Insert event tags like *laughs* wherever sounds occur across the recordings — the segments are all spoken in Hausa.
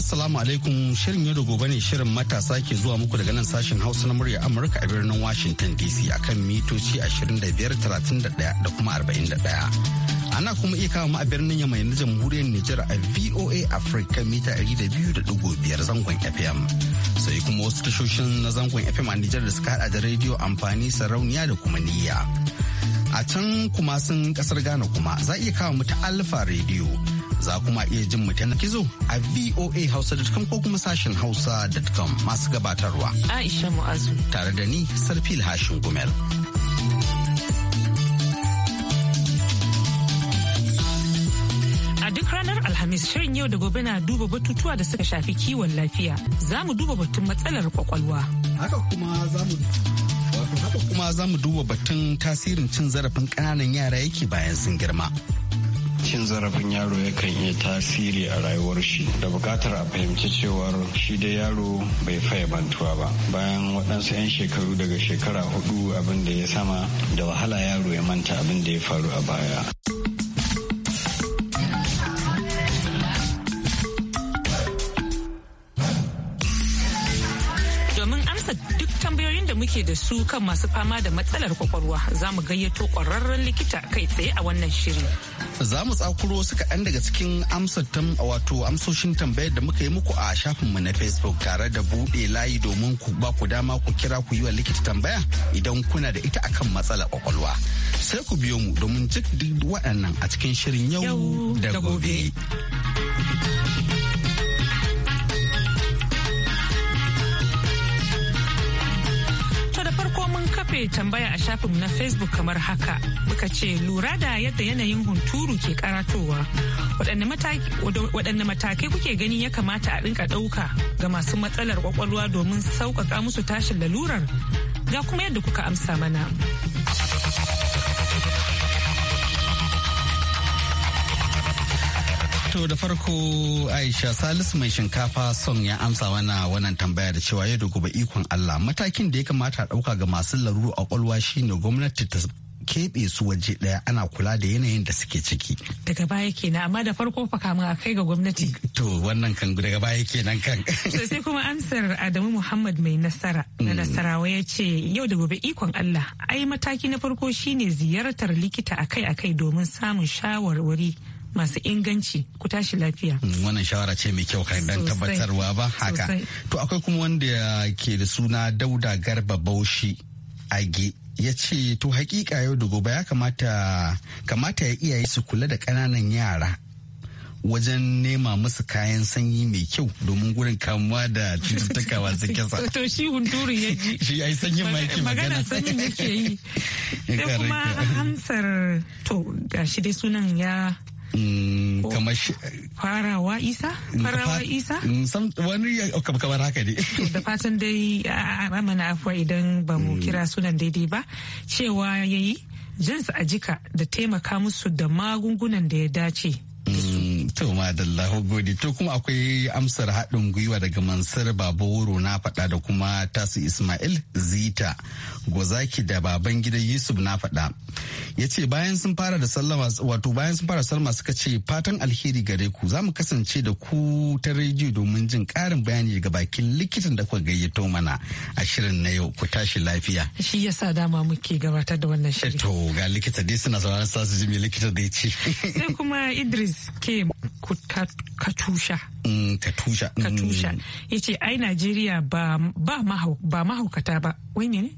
assalamu alaikum shirin yau da gobe ne shirin matasa ke zuwa muku daga nan sashen hausa na murya amurka a birnin washington dc akan mitoci 2531 da kuma 41 ana kuma iya kawo a birnin yamai na jamhuriyar nijar a voa africa mita 200.5 zangon fm sai kuma wasu tashoshin na zangon fm a nijar da suka hada da rediyo amfani sarauniya da kuma niyya a can kuma sun kasar ghana kuma za iya kawo mu ta alfa rediyo za kuma iya jin mu ta kizo. a voa hausa.com ko kuma sashen hausa.com masu gabatarwa aisha mu'azu tare da ni sarfil hashin gumel ranar Alhamis shirin yau da gobe na duba batutuwa da suka shafi kiwon lafiya. Za mu duba batun matsalar kwakwalwa. Haka kuma za mu duba batun tasirin cin zarafin ƙananan yara yake bayan sun girma. cin zarafin yaro yakan iya tasiri a rayuwar shi da bukatar a fahimci cewar shi da yaro bai faye bantuwa ba bayan waɗansu 'yan shekaru daga shekara hudu abin da ya sama da wahala yaro ya manta abin da ya faru a baya muke da su kan masu fama da matsalar kwakwalwa za mu gayyato kwararren likita kai tsaye a wannan shiri. Za mu tsakuro su kaɗan daga cikin amsar wato amsoshin tambayar da muka yi muku a shafinmu na Facebook tare da buɗe layi domin ku ba ku dama ku kira ku yi wa likita tambaya idan kuna da ita akan matsalar kwakwalwa. Sai ku biyo mu domin cik duk waɗannan a cikin shirin yau da gobe. kafe tambaya a shafin na facebook kamar haka muka ce lura da yadda yanayin hunturu ke karatowa waɗanne matakai kuke gani ya kamata a rinka ɗauka ga masu matsalar kwakwalwa domin sauƙaƙa musu tashin lalurar ga kuma yadda kuka amsa mana To da farko Aisha Salisu mai shinkafa son ya amsa wana wannan tambaya da cewa ya dogo ba ikon Allah matakin da ya kamata a ɗauka ga masu laruru a kwalwa shine gwamnati ta keɓe su waje ɗaya ana kula da yanayin da suke ciki. Daga baya kenan amma da farko fa kamun a kai ga gwamnati. To wannan kan daga baya kenan kan. To kuma amsar Adamu Muhammad mai nasara na hmm. nasarawa ya ce yau da gobe ikon Allah ai mataki na farko shine ziyartar likita akai-akai domin samun shawarwari masu inganci ku tashi lafiya. Mm, wannan shawara ce mai kyau kan dan tabbatarwa ba haka. To akwai kuma wanda ke da suna Dauda Garba Baushi Age ya ce to hakika yau da gobe ya kamata kamata ya iyaye su kula da ƙananan yara wajen nema musu kayan sanyi mai kyau domin gurin kamuwa da *laughs* cututtuka masu kisa. To shi hunturu ya ji. Shi ai sanyin ma yake magana. Magana sanyin yake yi. *laughs* Sai kuma amsar to gashi dai sunan ya Mm, oh. kamar farawa isa mm, farawa isa mm, sam wani oh, kamar haka ne da fatan dai a mana afuwa idan ba mu kira sunan daidai ba cewa yayi jinsu a jika da taimaka musu da magungunan da ya dace da su To madalla gode to kuma akwai amsar haɗin gwiwa daga Mansur wuro na faɗa da kuma Tasu Ismail Zita Gozaki da baban gidan Yusuf na faɗa. Ya ce bayan sun fara da sallama wato bayan sun fara sallama suka ce fatan alheri gare ku za mu kasance da ku ta rediyo domin jin ƙarin bayani daga bakin likitan da kuka gayyato mana a shirin na yau ku tashi lafiya. Shi yasa dama muke gabatar da wannan shirin. To ga likita dai suna sauraron sasu su ji me likita da ce. Sai kuma Idris Kim katusha mm, katusha mm. katusha ce ai Najeriya ba mahaukata ba wai ne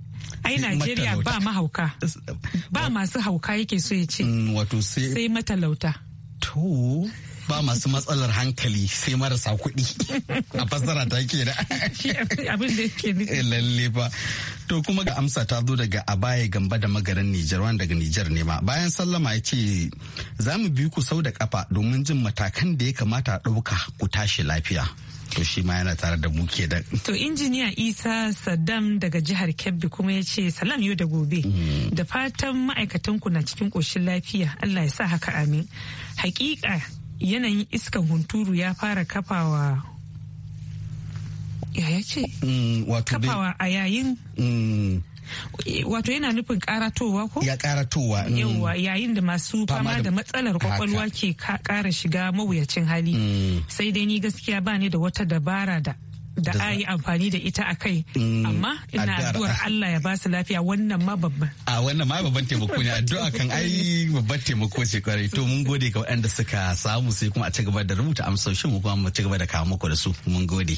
ai Najeriya ba mahauka ba masu hauka yake so ya ce mm, wato sai matalauta to ba masu matsalar hankali sai marasa kuɗi a fassara ta ke da abin da ke nufi eh, lalle ba to kuma ga amsa ta zo daga a baya gamba da magaran Nijar wani daga Nijar ne ma bayan sallama ya ce za mu bi ku sau da kafa domin jin matakan da ya kamata a ɗauka ku tashi lafiya to shi ma yana tare da mu ke da. To injiniya Isa Saddam daga jihar Kebbi kuma ya ce salam yau da gobe. Mm. Da fatan ma'aikatanku na cikin ƙoshin lafiya Allah ya sa haka amin. Hakika yanayin iskan hunturu ya fara kafawa ya yace mm, kafawa a yayin mm. wato yana nufin karatowa ko ya karatowa mm. yauwa yayin da masu fama da matsalar kwakwalwa ke kara shiga mawuyacin hali sai dai ni gaskiya ba ni da wata dabara da da a yi amfani da ita a kai mm, amma ina addu'ar Allah ya ba su lafiya wannan ma babban a wannan ma babban taimako ne addu'a kan ai babban taimako ce kwarai to mun gode ga waɗanda suka samu sai kuma a ci gaba da rubuta amsoshin mu kuma mu ci gaba da kawo muku da su mun gode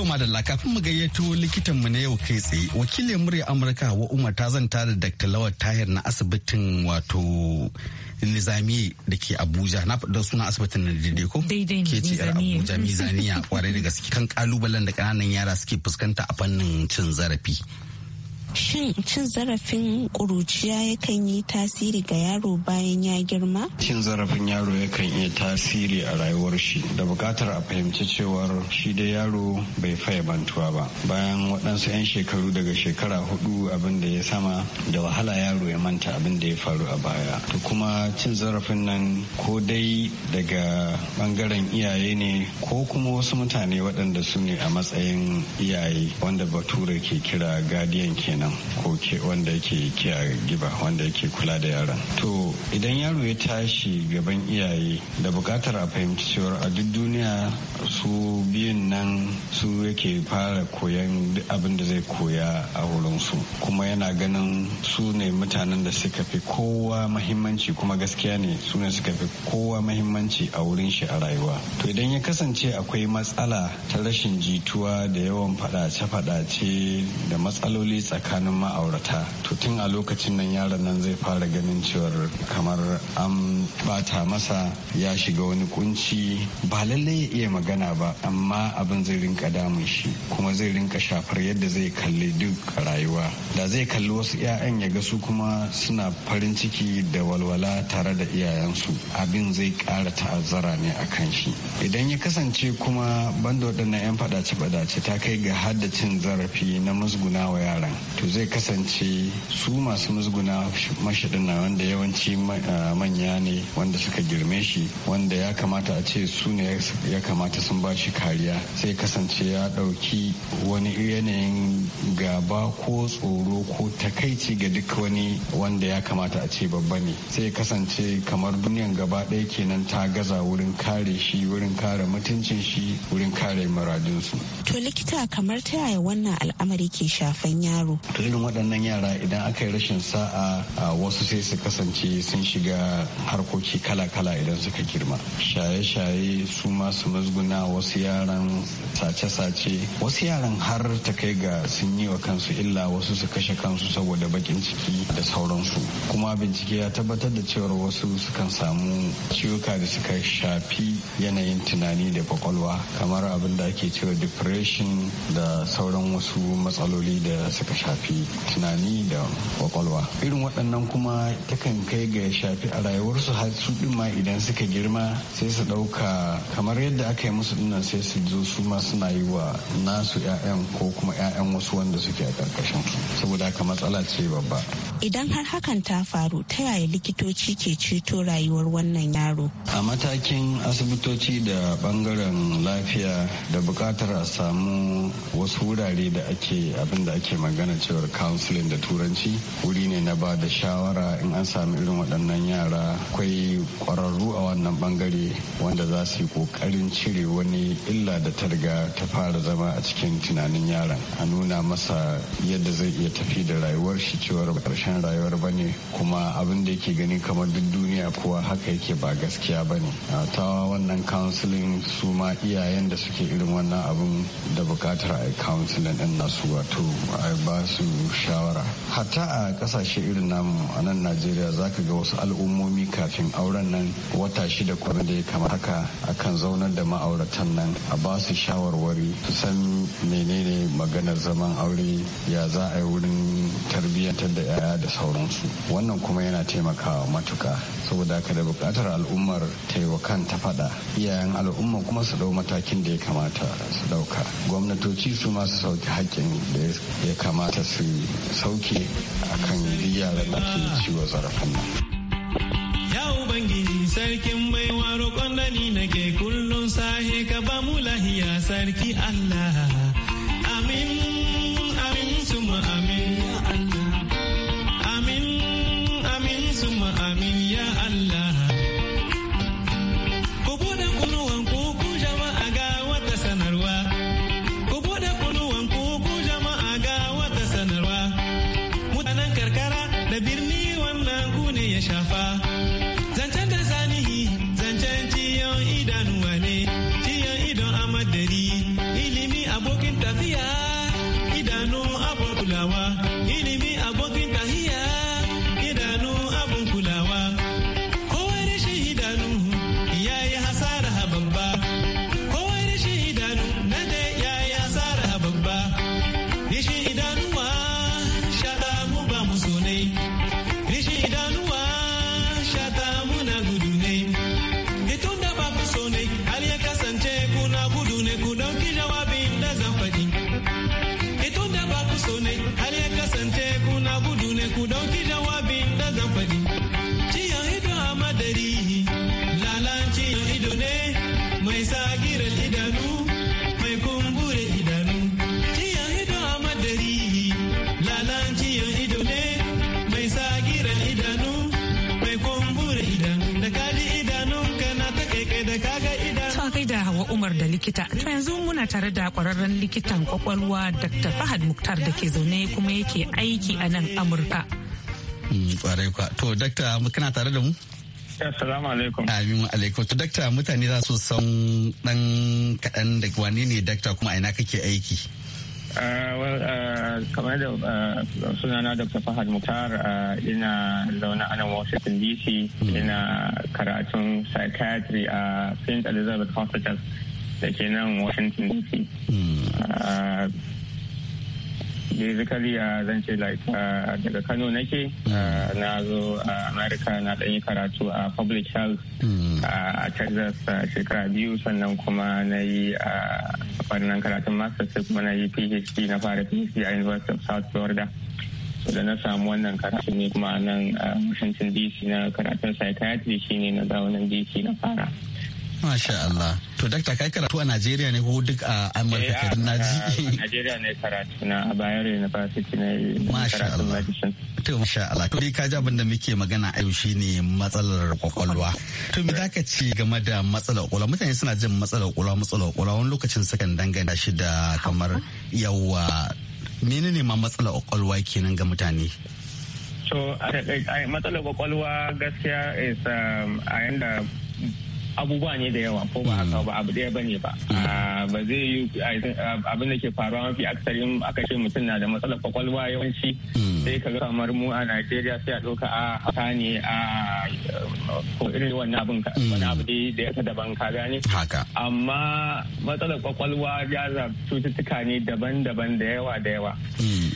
To madalla kafin mu gayyato likitan mu na yau kai tsaye wakilin murya Amurka wa Umar ta zanta da Dr. Lawal Tahir na asibitin wato Nizami da ke Abuja na faɗa suna asibitin na daidai ko? ke ce Abuja Mizaniya kwarai da gaske kan kalubalen da kananan yara suke fuskanta a fannin cin zarafi. Shin cin zarafin ƙuruciya yakan yi tasiri ga yaro bayan ya girma? Cin zarafin yaro yakan iya tasiri a rayuwar shi da buƙatar a fahimci cewar shi da yaro bai faye bantuwa ba. Bayan waɗansu 'yan shekaru daga shekara hudu abin da ya sama da wahala yaro ya manta abin da ya faru a baya. To kuma cin zarafin nan ko dai daga ɓangaren iyaye ne ko kuma wasu mutane waɗanda su ne a matsayin iyaye wanda bature ke kira guardian kenan. kenan ko wanda yake kiya giba wanda yake kula da yaran to idan yaro ya tashi gaban iyaye da bukatar a fahimci cewar a duk duniya su biyun nan su yake fara koyan abin da zai koya a wurinsu kuma yana ganin su ne mutanen da suka fi kowa mahimmanci kuma gaskiya ne su ne suka fi kowa mahimmanci a wurin shi a rayuwa to idan ya kasance akwai matsala ta rashin jituwa da yawan faɗace-faɗace da matsaloli tsakanin tsakanin ma'aurata to tun a lokacin nan yaron nan zai fara ganin cewar kamar an bata masa ya shiga wani kunci ba lallai ya iya magana ba amma abin zai rinka damun shi kuma zai rinka shafar yadda zai kalli duk rayuwa da zai kalli wasu 'ya'yan ya ga su kuma suna farin ciki da walwala tare da iyayensu abin zai kara ta'azzara ne a kan shi idan ya kasance kuma banda waɗannan 'yan faɗace-faɗace ta kai ga haddacin zarafi na musguna wa yaran to zai kasance su masu musguna mashaɗin na wanda yawanci manya ne wanda suka girme shi wanda ya kamata a ce su ne ya kamata sun ba shi kariya sai kasance ya ɗauki wani yanayin gaba ko tsoro ko takaici ga duk wani wanda ya kamata a ce babba ne sai kasance kamar duniyan gaba ɗaya kenan ta gaza wurin kare shi wurin kare mutuncin shi wurin kare maradinsu. to likita kamar ta yaya wannan al'amari ke shafan yaro to irin waɗannan yara idan aka yi rashin sa'a a wasu sai su kasance sun shiga harkoki kala-kala idan suka girma shaye-shaye su masu mazguna wasu yaran sace-sace wasu yaran har ta kai ga sun yi wa kansu illa wasu su kashe kansu saboda bakin ciki da sauransu kuma bincike ya tabbatar da cewar wasu sukan samu ciwuka da suka shafi yanayin tunani da kwakwalwa kamar abin da ake cewa depression da sauran wasu matsaloli da suka shafi tunani da kwakwalwa irin waɗannan kuma takan kai ga shafi a rayuwarsu har su ma idan suka girma sai su ɗauka kamar yadda aka yi musu dinnan sai su zo su ma suna yi wa nasu 'ya'yan ko kuma 'ya'yan wasu wanda suke a ƙarƙashin su saboda haka matsala ce babba idan har hakan ta faru ta yaya likitoci ke ceto rayuwar wannan yaro a matakin asibiti likitoci da bangaren lafiya da bukatar a samu wasu wurare da ake abin da ake magana cewar counseling da turanci wuri ne na ba da shawara in an samu irin waɗannan yara akwai ƙwararru a wannan bangare wanda za su yi ƙoƙarin cire wani illa da ta riga ta fara zama a cikin tunanin yaran a nuna masa yadda zai iya tafi da rayuwar shi cewar ƙarshen rayuwar ba ne kuma abin da yake gani kamar duk duniya kuwa haka yake ba gaskiya ba ta wannan counseling su ma iyayen da suke irin wannan abin da bukatar a counseling din nasu wato a ba su shawara hatta a kasashe irin namu a nan najeriya ka ga wasu al'ummomi kafin auren nan wata shida kwanan da ya kama haka kan zaunar da ma'auratan nan a ba su shawarwari su san menene maganar zaman aure ya za a yi wurin tarbiyyantar da 'ya'ya da sauransu wannan kuma yana taimakawa matuka saboda haka da bukatar al'ummar taiwakan ta fada iyayen al'umma kuma su dau matakin da ya kamata su dauka gwamnatoci su masu sauki hakkin da ya kamata su sauke akan yaran da ke ciwo zarafin nan sarkin baiwa roƙon da nake kullum sahe ka ba mu lahiya sarki allah likita. To yanzu muna tare da kwararren likitan kwakwalwa Dr. Fahad Mukhtar da ke zaune kuma yake aiki a nan Amurka. Mm, kwarai kwa. To, Dr. kana tare da mu? Assalamu alaikum. Amin alaikum. To, Dakta, mutane za su san dan kaɗan da wane ne Dr. kuma aina kake aiki? Uh, uh, kamar da uh, sunana Dr. Fahad Mukhtar ina zaune a nan Washington DC mm. ina karatun psychiatry a St. Elizabeth Hospital. da ke nan washington dc ah, basically ah, zan ce like ah, daga kano nake na zo a america na ɗanyi karatu a public health hmm. a texas a shekara biyu sannan kuma na yi a wannan karatun masters kuma na yi phd na fara phd a university of south florida da na samu wannan karatu ne kuma nan a washington dc na karatun psychiatry shine na zaunan dc na fara Masha Allah. To dakta kai karatu a Najeriya ne ko duk a Amurka ka eh, na ji. Najeriya ne karatu na a Bayero University ne. Masha Allah. To masha Allah. To dai ka ji abin da muke magana a yau shine matsalar kwakwalwa. To me zaka ce game da matsalar kwakwalwa? Mutane suna jin matsalar kwakwalwa matsalar kwakwalwa wani lokacin sukan danganta shi da kamar yawa menene ma matsalar kwakwalwa kenan ga mutane? So matsalar kwakwalwa gaskiya is um, a yanda abubuwa ne da yawa ko ba haka ba abu daya bane ba ah. Ah, ba zai yi ah, abin da ke faruwa mafi aksarin aka ce mutum na da matsalar kwakwalwa yawanci hmm. sai ka ga kamar mu a Najeriya sai a ɗauka a hata ne a ko irin wannan abin ka hmm. wani abu dai da yake daban ka gane amma matsalar kwakwalwa ya za cututtuka ne daban-daban da yawa da yawa hmm.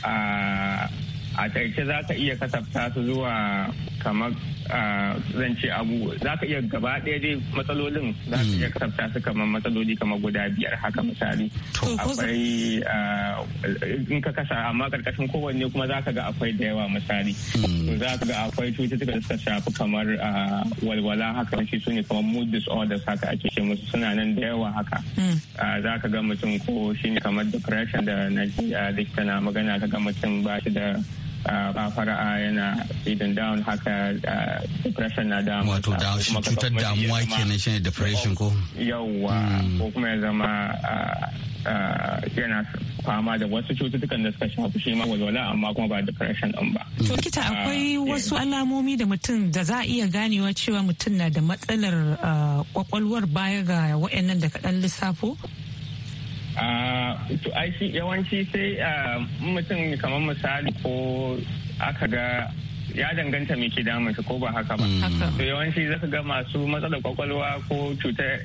a taice za ka iya kasafta su zuwa kamar ah, zan ce abu za ka iya gaba ɗaya dai matsalolin za ka iya kasafta su kamar matsaloli kamar guda biyar haka misali akwai ah, in ka kasa amma karkashin kowanne kuma za ka ga akwai da yawa misali hmm. za ka ga akwai cututtuka da suka shafi kamar ah, walwala haka shi su ne kamar mood disorders haka ake ce musu suna nan da yawa haka hmm. za ka ga mutum ko shi ne kamar depression da na likita na magana ka ga mutum ba shi da Ah, fara'a yana feeding down haka ah, depression na damu wato cutar damuwa kenan shine depression ko yawwa hmm. ko kuma ya zama ah, yana fama da wasu cututtukan da suka shafi shi ma walwala amma kuma ba depression din ba. To kita akwai wasu alamomi da mutum da za a iya ganewa cewa mutum na da matsalar kwakwalwar baya ga waɗannan da kaɗan lissafo? Ah, to yawanci sai ah, mutum kamar misali ko aka ga ya danganta me ke damun shi ko ba haka ba hmm. to yawanci zaka ga masu matsalar kwakwalwa ko cutar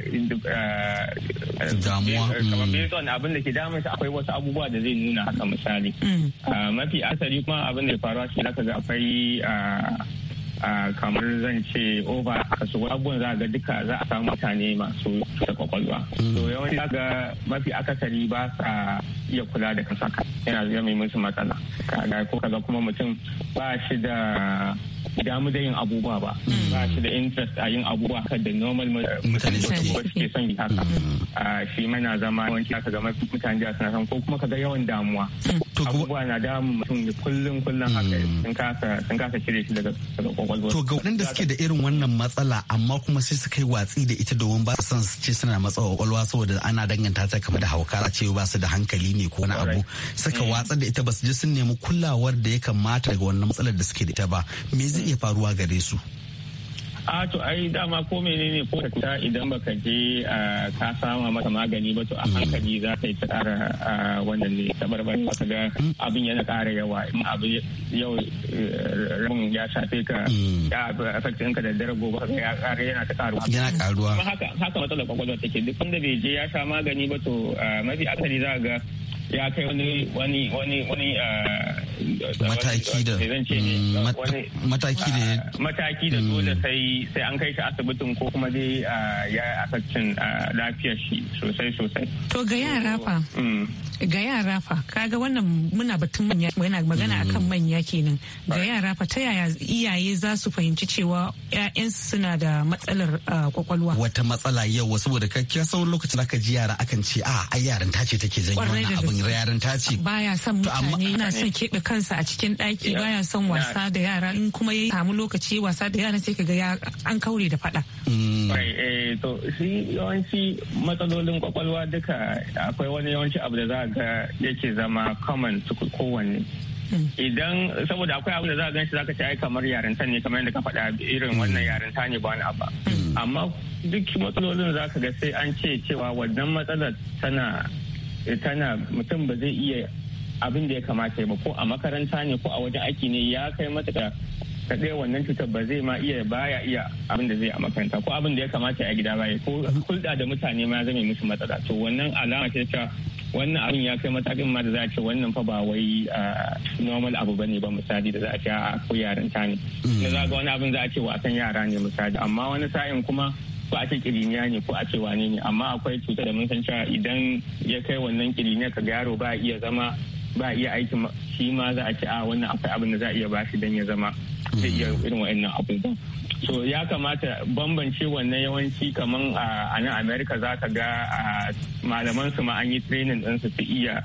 ah, damuwa eh, kamar based hmm. abin da ke damun shi akwai wasu abubuwa da zai nuna haka misali hmm. mafi asali kuma abin da ya faruwa shi zaka ga akwai a kamar zan ce over kaso abubuwan za ga duka za a samu mutane masu da kwakwalwa to yawanci ga mafi akasari ba sa iya kula da kansa yana zama mai musu matsala kaga ko kaga kuma mutum ba shi da damu da yin abubuwa ba hmm. ba shi da interest a yin abubuwa Ka da normal mutane suke son yi haka hmm. shi mana zama yawanci aka zama mutane da suna san ko kuma ka ga yawan damuwa abubuwa na damu mutum kullum kullum haka hmm. sun kasa sun kasa cire shi daga kwakwalwa to ga wadanda suke da irin wannan matsala amma kuma sai su kai watsi da ita domin ba su san su ce suna matsa kwakwalwa saboda ana danganta ta kama da hauka a ce ba su da hankali ne ko wani abu suka watsa da ita ba su je sun nemi kulawar da ya kamata daga wannan matsalar da suke da ita ba me zai iya faruwa gare su a to ai dama ko menene ko ta idan baka je ka sama masa magani ba to a hankali za ka yi ta ƙara wannan ne tabarbar ka ga abin yana ƙara yawa in abu yau eh, ramin ya shafe ka hmm. ya affectin ka da dare gobe ka ya ƙara yana ta ƙaruwa yana ƙaruwa haka haka matsalar kwakwalwa take duk wanda bai je ya sha magani ba to mafi akali za ga ya kai wani wani wani wani mataki da eh, mm, mataki da ah, mataki da mm. dole sai sai an kai shi asibitin ko kuma dai ah, ya affecting ah, lafiyar shi sosai sosai to ga yara fa mm. ga yara fa kaga wannan muna batun manya yana magana mm. akan manya kenan ga yara fa ta yaya iyaye za su fahimci cewa ƴaƴansu suna da matsalar ah, kwakwalwa wata matsala yau saboda kakkiya sauran lokacin da aka ji yara akan ce a ah, ai yaran ta ce take janyo wannan abin yaran ta ce baya son mutane yana son keɓe kansa a cikin ɗaki baya son wasa da yara in kuma ya samu lokaci wasa da yara sai kaga an kaure da faɗa mm. eh, to shi yawanci matsalolin kwakwalwa duka akwai wani yawanci abu da za a ga yake zama common su kowanne idan saboda akwai abin da za a gan shi zaka ce ai kamar yarinta ne kamar yadda ka faɗa irin wannan yarinta ne ba wani abu amma duk matsalolin ka ga sai an ce cewa wannan matsalar tana tana mutum ba zai iya abin da ya kamata ba ko a makaranta ne ko a wajen aiki ne ya kai matuƙa ka ɗaya wannan cutar ba zai ma iya baya iya abin da zai a makaranta ko abin da ya kamata a gida baya ko hulɗa da mutane ma zame musu matsala to wannan alama ce ta wannan abin ya kai matakin ma da za a ce wannan fa ba wai normal abu bane ba misali da za a ce a ko yaran ta ne da mm. za ga wani abin za a ce wasan yara ne misali amma wani sa'in kuma ko a ce kiriniya ne ko a ce wane ne amma akwai cuta da mun san cewa idan ya kai wannan kiriniya ka ga yaro ba iya zama ba iya aiki shi ma za a ce a wannan akwai abin da za a iya bashi dan ya zama zai iya irin wa'annan abubuwan so ya kamata bambance wannan yawanci kamar ah, a nan america za ka ga ah, malaman su ma an yi training ɗinsu su iya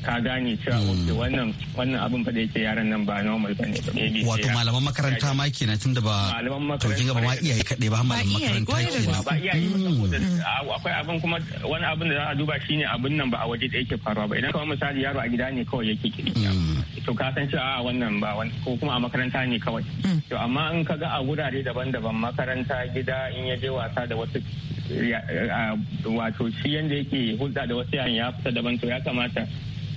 ka gane cewa hmm. wannan wannan abin fa da yake yaran nan ba normal bane wato malaman makaranta ma kenan tunda ba to kin ga ba ma iyaye kaɗe ba malaman makaranta kenan ba iyaye hmm. akwai abin kuma wani abin da za a duba shine abin nan ba a waje da yake faruwa ba idan kawai misali yaro a gida ne kawai yake kiri. Hmm. to ka san cewa wannan ba ko kuma a makaranta ne kawai to amma in ka ga a gurare daban-daban makaranta gida in ya je wasa da wasu wato shi yanda yake hulɗa da wasu yaran ya fita daban to ya kamata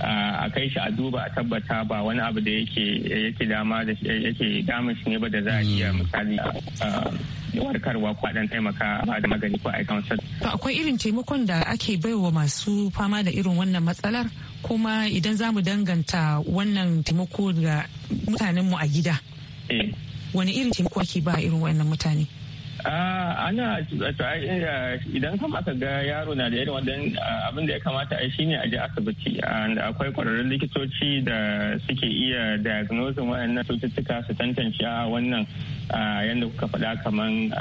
a kai shi a duba a tabbata ba wani abu da yake yake dama da yake damun shi ne ba da za a iya hmm. misali warkarwa ko dan taimaka ba da magani ko a kansar. akwai irin taimakon da ake baiwa masu fama da irin wannan matsalar kuma idan zamu danganta wannan taimako ga mutanenmu a gida. Eh. Wani irin taimako ake ba irin wannan mutane? ana eh, idan kama aka ga yaro na da irin wadan abin da ya kamata a shine a ji asibiti da akwai kwararrun likitoci da suke iya diagnosing wayannan cututtuka su tantance a wannan yadda kuka faɗa kaman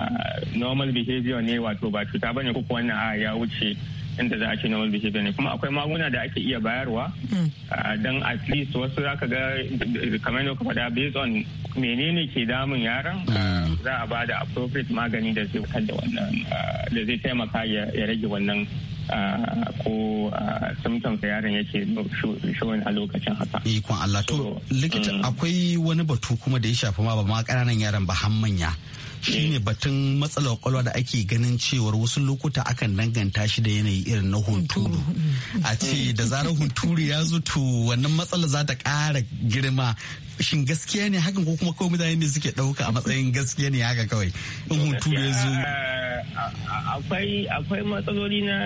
normal behavior ne wato ba cuta bane kuka wannan a ya wuce inda za a ce normal behavior ne kuma akwai magunguna da ake iya bayarwa hmm. don at least wasu za ka ga kamar yadda ka faɗa based on menene ke damun yaran ah. za a ba da appropriate magani da zai da wannan da zai taimaka ya rage wannan ko symptoms da yaron yake showin a lokacin haka. Ikon Allah to likita mm. akwai wani batu kuma da ya shafi ma ba ma ƙananan yaran ba har manya. shine batun matsalar kwakwalwa da ake ganin cewar wasu lokuta akan danganta shi da yanayi irin na hunturu mm. a ce da zarar hunturu ya zo to wannan matsalar za ta ƙara girma shin gaskiya ne hakan ko kuma kawai mutane ne suke ɗauka a matsayin gaskiya ne haka kawai in hunturu ya zo akwai akwai matsaloli na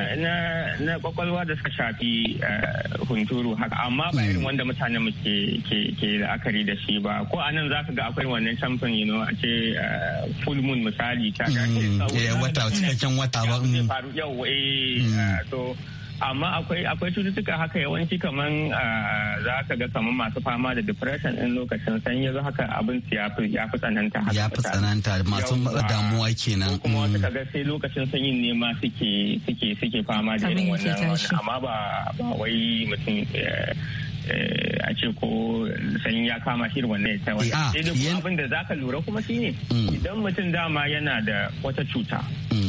na kwakwalwa da suka shafi eh, hunturu haka amma ba irin wanda mutane mu ke ke la'akari da shi ba ko anan zaka ga akwai wannan champion you know a ce eh, full moon misali ta mm, ga eh, wata cikakken wata ba mm. yau eh to mm. amma akwai akwai cututtuka haka yawanci kaman ah, za ka ga kaman masu fama da depression in lokacin sanyi yanzu haka abin ya fi ya fi tsananta haka ya fi tsananta masu damuwa kenan kuma wasu mm. ga sai lokacin sanyin ne ma suke suke suke fama da irin wannan amma ba ba wai mutum eh, eh, a ce ko sanyi ya kama shi wannan ya tawar eh, ah, sai da abin da za ka lura kuma shine mm. idan mutum dama yana da wata cuta mm.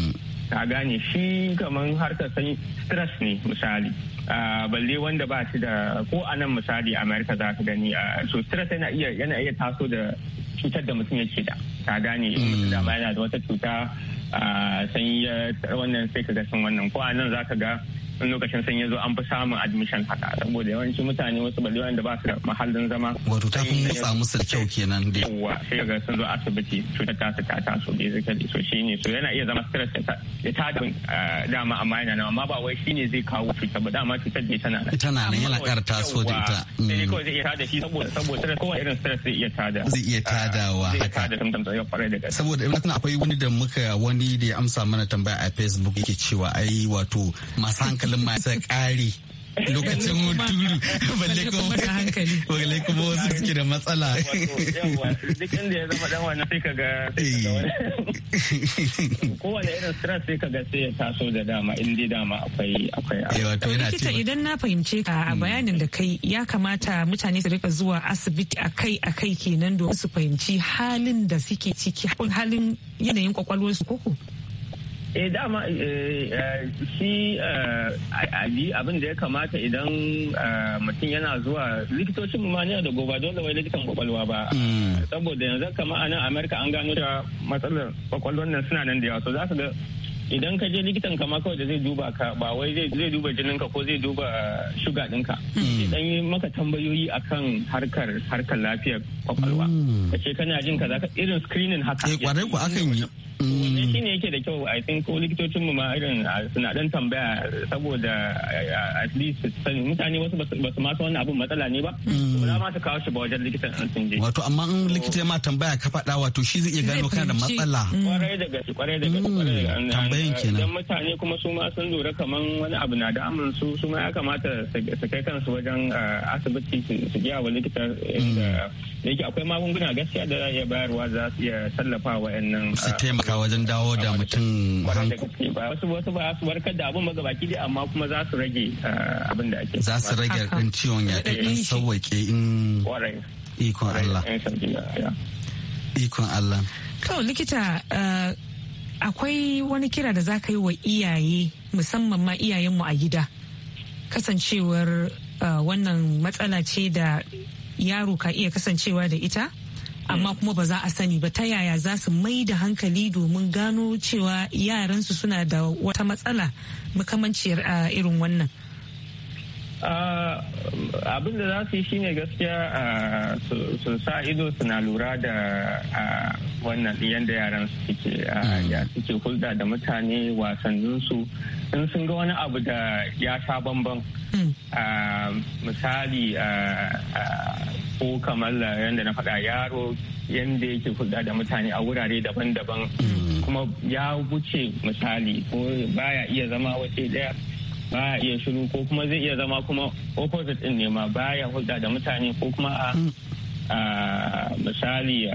ka gane shi kamar harkar sanyi stress ne misali ah, balle wanda ba shi da ko a nan misali amerika za ka gani ah, so stress yana iya yana iya taso da cutar da mutum yake da ka gane dama yana da wata cuta ah, sanyi wannan sai ka ga sun wannan ko a nan za ka ga in lokacin sanyi zo an fi samun admission haka saboda yawanci mutane wasu bali wanda ba su da mahallin zama wato ta kun musa musu kyau kenan dai yawa sai ga sun zo asibiti cutar ta su ta taso basically so ne so yana iya zama stress ya ta eh, dama amma yana nan amma ba wai ne zai kawo cutar ba dama cutar dai tana nan tana nan yana kar taso da ta sai mm. kawai zai iya tada shi saboda saboda stress kowa irin stress zai iya tada zai iya tadawa haka saboda ibn akwai wani da muka wani da ya amsa mana tambaya a facebook yake cewa ai wato masu hankali hankalin masu ƙari lokacin hunturu balle kuma wasu suke da matsala duk inda ya zama dan wani eh. sai *laughs* kaga kowane irin stress sai kaga sai ya taso da dama in dai dama akwai akwai wato yana cewa idan na fahimce ka a bayanin da kai ya kamata mutane su rika zuwa asibiti akai akai kenan domin su fahimci halin da suke ciki halin yanayin kwakwalwarsu koko eh dama eh, eh, shi eh, abi abin da ya kamata idan mutum yana zuwa likitocin ma ne da goba dole wai likitan kwakwalwa ba hmm. saboda yanzu kama a nan amerika an gano da matsalar kwakwalwan nan suna nan da yawa so za ga idan ka je likitan ka kawai da zai duba ka ba wai zai duba jininka ko zai duba shuga ɗinka. Hmm. idan yi maka tambayoyi akan harkar harkar lafiyar kwakwalwa. Hmm. Kace kana jin kaza irin screening haka. Eh kwarai ku akan yi. wannan mm. eh, ne yake da kyau i think ko likitocin mu ma irin ah, suna dan tambaya saboda ah, ah, at least sani mutane wasu ba su masa wannan abun matsala ne ba mm. ba ma su kawo shi ba wajen likitan an sun je wato amma in likita ma tambaya ka faɗa wato shi zai iya gano kana da matsala mm. kwarai da gaske kwarai da gaske kwarai tambayan kenan dan mutane kuma su ma sun lura kaman wani abu na damun su su ma ya kamata su kai kansu wajen asibiti su giya wa likita inda yake akwai magunguna gaskiya da za iya bayarwa za su iya tallafa wa 'yan nan taimaka wajen dawo da mutum wasu wasu ba su warkar da abin magabaki dai amma kuma za su rage ah, abin da ake za su rage ɗin ciwon ya ɗin eh, sauwaƙe in ikon Allah ikon Allah to likita ah, akwai wani kira da za ka yi wa iyaye musamman ma iyayenmu a gida kasancewar ah, wannan matsala ce da yaro ka iya kasancewa da ita amma kuma ba za a sani ba ta yaya za su mai da hankali domin gano cewa yaransu suna da wata matsala makamanciyar a irin wannan abin da za su yi shine gaskiya su sa ido suna lura da wannan yadda yaran suke hmm. ya suke hulɗa da mutane wasanninsu in sun ga wani abu da ya sha bamban hmm. misali ko kamar yadda na faɗa yaro yadda yake hulɗa da mutane a wurare daban-daban mm. kuma ya wuce misali ko baya iya zama waje ɗaya baya iya shiru ko kuma zai iya zama kuma opposite ɗin ne ma baya hulɗa da mutane ko kuma a mm. misali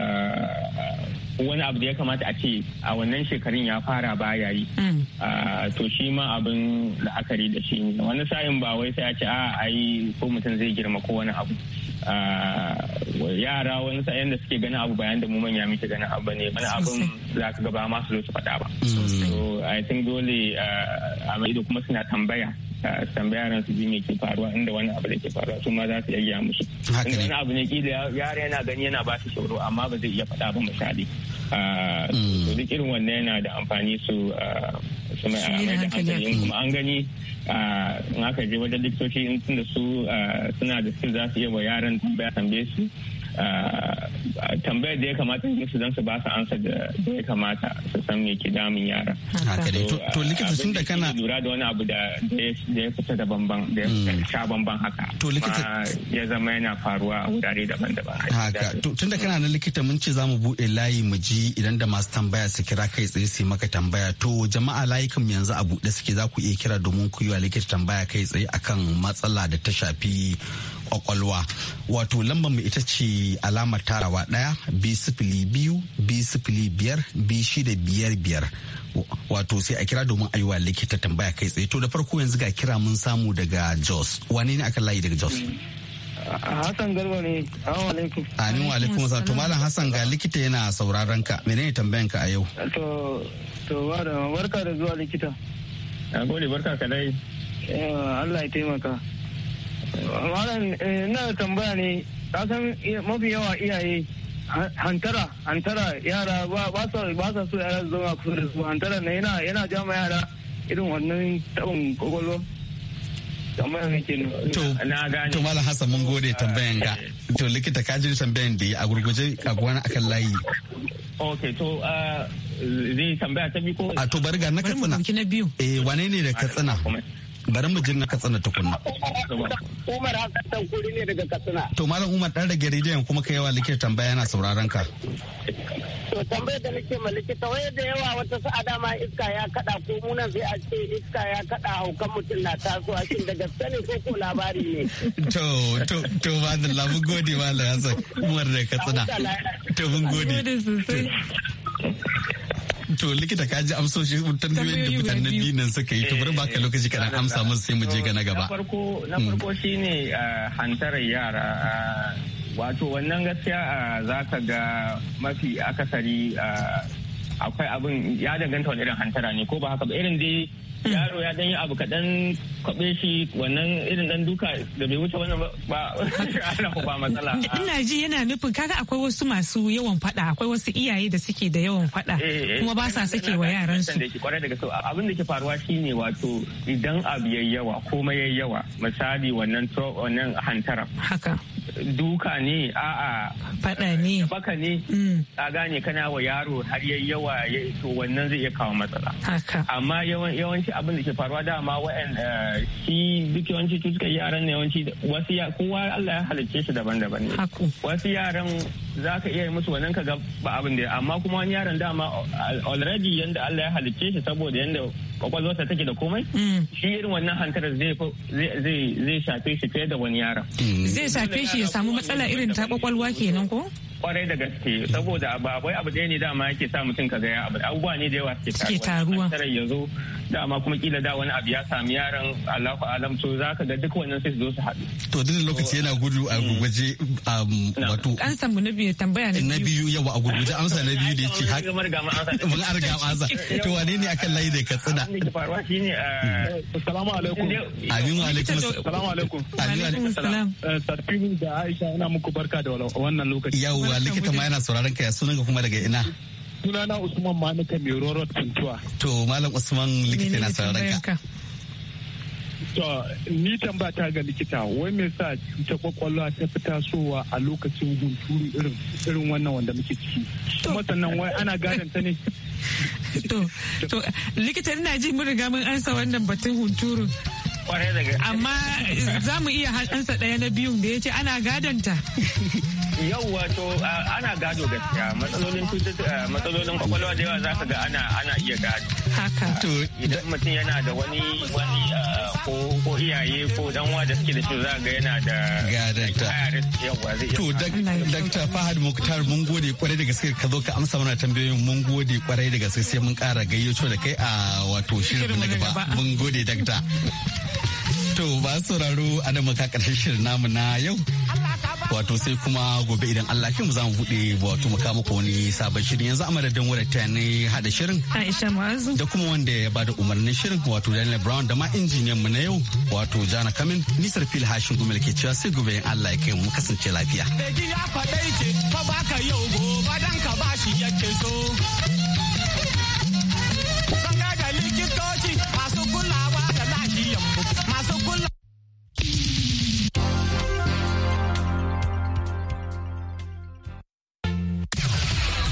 wani abu da ya kamata a ce a wannan shekarun ya fara baya yi mm. to shi ma abin la'akari da shi wani sa'in ba wai sai a ce a ai ko mutum zai girma ko wani abu yara wani sa'yan da suke ganin abu bayan da mu manya muke ganin abu ne wani abin za ka gaba masu zo su faɗa ba. So I think dole a mai da kuma suna tambaya ran su ji me ke faruwa inda wani abu da ke faruwa su ma za su yayya musu. Inda wani abu ne kila yara yana gani yana ba shi tsoro amma ba zai iya faɗa ba misali. Mm. duk irin wannan yana da amfani su su mai da hankali kuma an gani in aka je wajen likitoci in da su suna da su za su iya wa yaran tambaya tambaye su Ah, tambayar da ya kamata yi su don su ba su ansa da ya kamata su san me ke damun yara. To ah, likita tun da kana lura da wani abu da ya fita da bamban da ya hmm. sha bamban haka. To likita ya zama yana faruwa a wurare daban-daban. Haka tun da kana na likita mun ce za mu buɗe layi mu ji idan da masu tambaya su kira kai tsaye su maka tambaya to jama'a layukan yanzu a buɗe suke za ku iya kira domin ku yi wa likita tambaya kai tsaye akan matsala da ta shafi kwakwalwa wato lambar mu ita ce alamar tarawa ɗaya b sifili biyu b sifili biyar b shida biyar biyar wato sai a kira domin ayuwa likita tambaya kai tsaye to da farko yanzu ga kira mun samu daga jos wane ne aka layi daga jos ah, Hassan Garba ne, alaikum. Amin wa alaikum sa to Malam Hassan ga likita yana sauraron ka, menene tambayan ka a yau? To, to ba da barka da zuwa likita. Na gode barka ka dai. Eh, Allah ya taimaka. Malam eh, na tambaya ne, kasan mafi yawa iyaye hantara hantara yara ba sa so yara zama kusa da su hantara na yana yana jama yara irin wannan tabin kwakwalwa to malam hasan mun gode tambayan ka to likita ka ji tambayan da a gurguje a gwana akan layi ok to ah, zai tambaya ta biyu ko a to bari ga na katsina eh wane ne da katsina bari mu jin na katsina tukunna. Umar Hassan kuri ne daga Katsina. To Malam Umar dan rage rediyon kuma ka yawa likita tambaya yana sauraron ka. To tambayar da nake ma likita waye da yawa wata su Adama iska ya kada ko nan sai a ce iska ya kada haukan mutum na taso a cikin daga sani ko ko labari ne. To to to da labu gode Malam Hassan Umar da Katsina. To mun gode. to likita ka ji shi tambayoyin da mutane biyu nan suka yi to bari baka eh, lokaci kana amsa musu sai mu je ga na gaba. Na farko na farko hmm. shine ah, hantarar yara ah, wato wannan gaskiya ah, za ka ga mafi akasari akwai abin ya danganta wani irin hantara ne ko ba haka ba irin dai yaro ya dan yi abu kaɗan kwaɓe shi wannan irin dan duka da bai wuce wannan ba ba *laughs* matsala. Ina ji yana nufin kaga akwai wasu masu yawan faɗa akwai wasu iyaye da suke da yawan faɗa eh, eh, kuma ba sa sake wa yaran su. Abin da ke faruwa shine wato idan abu yayi yawa komai yayi yawa misali wannan wannan hantara. Haka. duka ne a'a fada ne baka ne mm. a gane kana wa yaro har yayi yawa to wannan zai iya kawo matsala amma yawanci abin da ke faruwa dama wa'an eh, shi duk yawanci cutuka yaran ne yawanci wasu ya kowa Allah ya halicce shi daban-daban ne wasu yaran za ka iya musu wannan ga ba abin da amma kuma wani yaron dama already yanda Allah ya halicce shi saboda yanda ta take da komai mm. shi irin wannan hantar zai shafe shi fiye da wani yaron mm. zai shafe shi ya samu matsala irin ta kwakwalwa kenan ko kwarai da gaske saboda ba abu ɗaya ne dama yake sa mutum ka gaya abu abubuwa ne da yawa suke taruwa dama kuma kila da wani abu ya sami yaron Allahu alam to zaka ga duk wannan sai su zo su haɗu to duk lokaci yana gudu a mm. gurguje um, wato an samu na biyu tambaya na biyu yawa a gurguje amsa na biyu da yake haka *laughs* mun arga amsa. to wane ne akan layi da ka tsina faruwa uh, eh, assalamu alaikum amin wa alaikum assalamu alaikum amin wa alaikum salam eh, sarfin da Aisha ina muku barka da wannan lokaci yawa likita ma yana sauraron ka ya sunan ka kuma daga ina sunana usman manuka mai rorot tuntuwa to malam usman likita na sauraron ka to ni tambata ga likita wai me sa cutar kwakwalwa ta fi tasowa a lokacin hunturu irin irin wannan wanda muke ciki kuma sannan wai ana gadon ta ne *laughs* to to likita ina ji mun riga mun ansa wannan batun hunturu Amma za mu iya haɗansa ɗaya na biyun da ya ce ana gadonta. yau wato ana gado gaskiya matsalolin matsalolin kwakwalwa da yawa za ka ga ana ana iya gado haka to idan mutum yana da wani wani ko iyaye ko dan uwa da suke da shi za ga yana da gadonta. to dakta Fahad Muktar mun gode kwarai da gaske ka zo ka amsa mana tambayoyin mun gode kwarai da gaske sai mun kara gayyato da kai a wato shirin na gaba mun gode dakta To ba sauraro a nan maka karshen shirin namu na yau. Wato sai kuma gobe idan Allah ke mu za mu buɗe wato mu kama ko wani sabon shirin yanzu a madadin wadda ta ne hada shirin. Aisha Mazu. Da kuma wanda ya bada umarnin shirin wato Daniel Brown da ma injiniyan mu na yau wato Jana Kamin Nisar Fil Hashin Gumel ke cewa sai gobe in Allah ya kai mu kasance lafiya. Beji ya faɗai ce ka yau gobe dan ka bashi yake so. likitoci a